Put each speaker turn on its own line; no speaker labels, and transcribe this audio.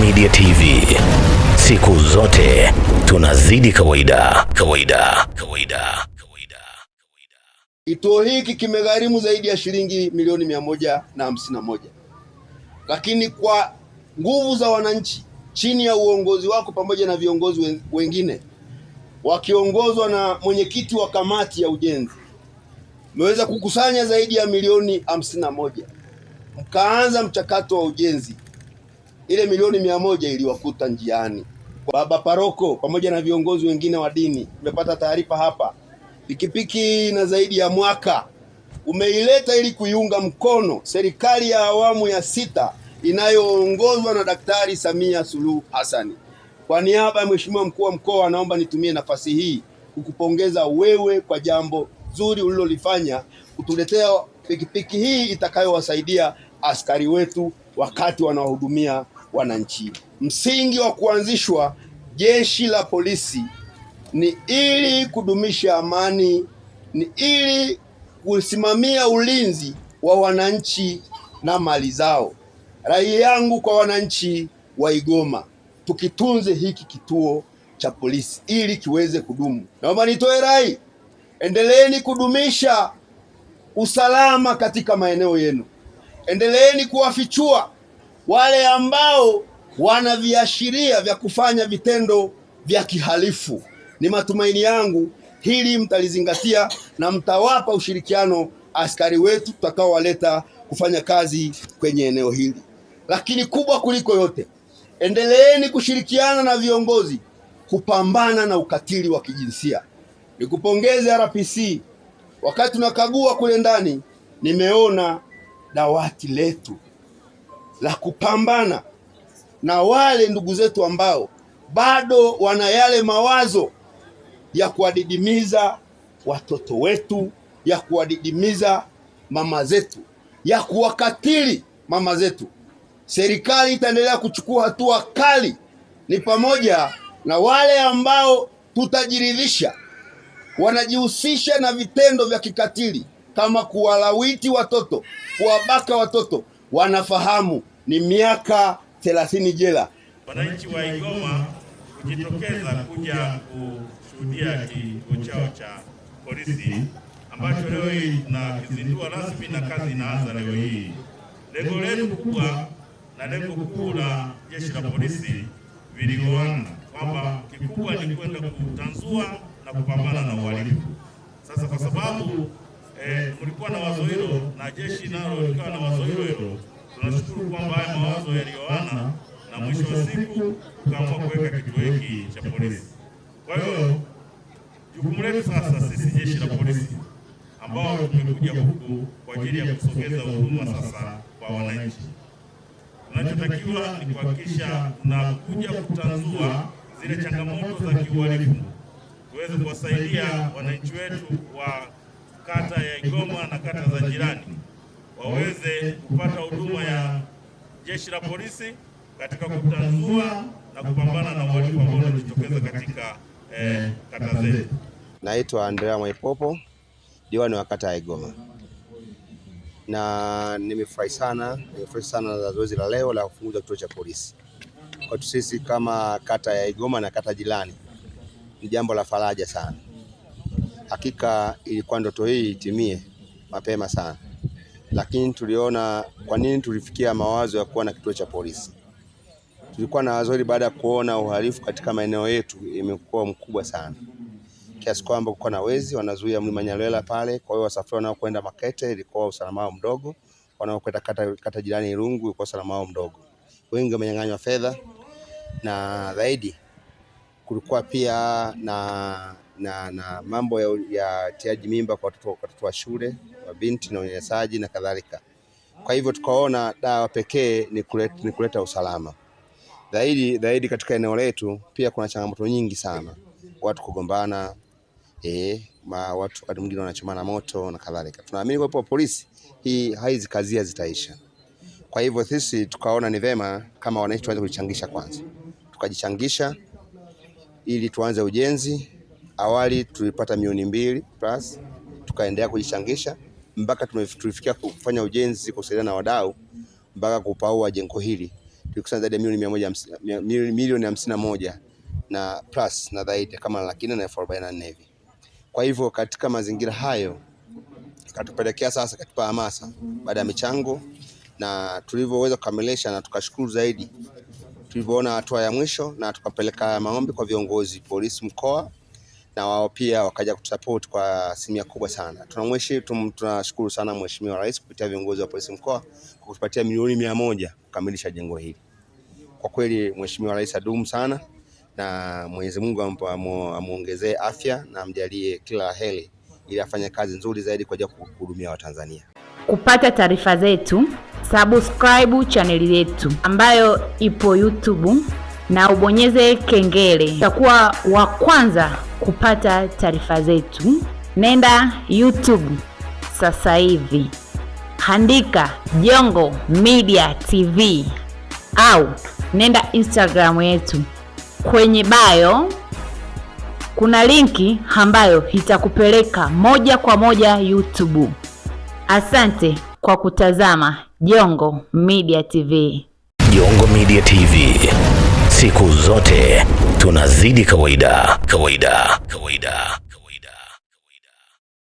Media TV, siku zote tunazidi kawaida kawaida kawaida kawaida.
Kituo hiki kimegharimu zaidi ya shilingi milioni mia moja na hamsini na moja, lakini kwa nguvu za wananchi chini ya uongozi wako pamoja na viongozi wengine wakiongozwa na mwenyekiti wa kamati ya ujenzi mmeweza kukusanya zaidi ya milioni hamsini na moja mkaanza mchakato wa ujenzi. Ile milioni mia moja iliwakuta njiani. Baba Paroko pamoja na viongozi wengine wa dini, tumepata taarifa hapa, pikipiki na zaidi ya mwaka umeileta ili kuiunga mkono serikali ya awamu ya sita inayoongozwa na Daktari Samia Suluhu Hassan. Kwa niaba ya Mheshimiwa mkuu wa mkoa, naomba nitumie nafasi hii kukupongeza wewe kwa jambo zuri ulilolifanya kutuletea pikipiki hii itakayowasaidia askari wetu wakati wanawahudumia wananchi. Msingi wa kuanzishwa jeshi la polisi ni ili kudumisha amani, ni ili kusimamia ulinzi wa wananchi na mali zao. Rai yangu kwa wananchi wa Igoma, tukitunze hiki kituo cha polisi ili kiweze kudumu. Naomba nitoe rai, endeleeni kudumisha usalama katika maeneo yenu, endeleeni kuwafichua wale ambao wana viashiria vya kufanya vitendo vya kihalifu. Ni matumaini yangu hili mtalizingatia na mtawapa ushirikiano askari wetu tutakaowaleta kufanya kazi kwenye eneo hili. Lakini kubwa kuliko yote, endeleeni kushirikiana na viongozi kupambana na ukatili wa kijinsia. Nikupongeze RPC, wakati tunakagua kule ndani nimeona dawati letu la kupambana na wale ndugu zetu ambao bado wana yale mawazo ya kuwadidimiza watoto wetu, ya kuwadidimiza mama zetu, ya kuwakatili mama zetu. Serikali itaendelea kuchukua hatua kali, ni pamoja na wale ambao tutajiridhisha wanajihusisha na vitendo vya kikatili kama kuwalawiti watoto, kuwabaka watoto wanafahamu ni miaka 30 jela.
Wananchi wa Igoma kujitokeza kuja kushuhudia kituo chao cha polisi ambacho leo hii tunakizindua rasmi na kazi inaanza leo hii. Lengo letu kubwa na lengo kuu la jeshi la polisi viligoana kwamba kikubwa ni kwenda kutanzua na kupambana na uhalifu. Sasa kwa sababu mlikuwa eh, na wazo hilo na jeshi nalo likawa na wazo hilo hilo. Tunashukuru kwamba haya mawazo yaliyoana na mwisho wa siku tukaamua kuweka kituo hiki cha polisi. Kwa hiyo jukumu letu sasa sisi jeshi la polisi ambao tumekuja huku kwa ajili ya kusogeza huduma sasa kwa wananchi, tunachotakiwa ni kuhakikisha tunakuja kutanzua zile changamoto za kiuhalifu tuweze kuwasaidia wananchi wetu wa kata ya igoma na kata za jirani waweze kupata huduma ya jeshi la polisi katika kutanzua na kupambana na uhalifu ambao unajitokeza katika eh, kata zetu.
Naitwa Andrea Mwaipopo, diwani wa kata ya igoma na nimefurahi sana, nimefurahi sana na zoezi la leo la kufunguza kituo cha polisi kwetu sisi kama kata ya igoma na kata jirani, ni jambo la faraja sana. Hakika ilikuwa ndoto hii itimie mapema sana, lakini tuliona kwa nini tulifikia mawazo ya kuwa na kituo cha polisi. Tulikuwa na wazo hili baada ya kuona uhalifu katika maeneo yetu imekuwa mkubwa sana kiasi kwamba kulikuwa na wezi wanazuia mlima Nyalela pale. Kwa hiyo wasafiri wanaokwenda Makete ilikuwa usalama wao mdogo, wanaokwenda kata, kata jirani Irungu ilikuwa usalama wao mdogo, wengi wamenyang'anywa fedha na zaidi kulikuwa pia na na, na mambo ya, ya tiaji mimba kwa watoto wa shule wa binti na unyanyasaji na kadhalika. Kwa hivyo tukaona dawa pekee ni kuleta, ni kuleta usalama zaidi zaidi katika eneo letu. Pia kuna changamoto nyingi sana, watu kugombana eh, ma watu wakati mwingine wanachomana moto na kadhalika. Tunaamini kwa polisi hii haizi kazi zitaisha. Kwa hivyo sisi tukaona ni vema kama wananchi tuanze kujichangisha kwanza, tukajichangisha ili tuanze ujenzi Awali tulipata milioni mbili plus tukaendelea kujichangisha mpaka tulifikia kufanya ujenzi kwa na wadau mpaka kupaua jengo hili. Tulikusanya zaidi ya milioni milioni hamsini na moja na plus na zaidi kama laki nne na elfu arobaini na nne hivi. Kwa hivyo katika mazingira hayo katupelekea sasa katupa hamasa baada ya michango na tulivyoweza kukamilisha, na tukashukuru zaidi tulivyoona hatua ya mwisho, na tukapeleka maombi kwa viongozi polisi mkoa na wao pia wakaja kutusupport kwa asilimia kubwa sana. tunashukuru sana Mheshimiwa Rais kupitia viongozi wa polisi mkoa kwa kutupatia milioni mia moja kukamilisha jengo hili. Kwa kweli Mheshimiwa Rais adumu sana na Mwenyezi Mungu amuongezee afya na amjalie kila heli heri ili afanye kazi nzuri zaidi kwa ajili ya kuhudumia Watanzania.
Kupata taarifa zetu, subscribe chaneli yetu ambayo ipo YouTube na ubonyeze kengele, utakuwa wa kwanza kupata taarifa zetu. Nenda YouTube sasa hivi, andika Jongo Media TV au nenda Instagram yetu, kwenye bayo kuna linki ambayo itakupeleka moja kwa moja YouTube. Asante kwa kutazama Jongo Media TV.
Jongo Media TV. Siku zote tunazidi kawaida, kawaida, kawaida.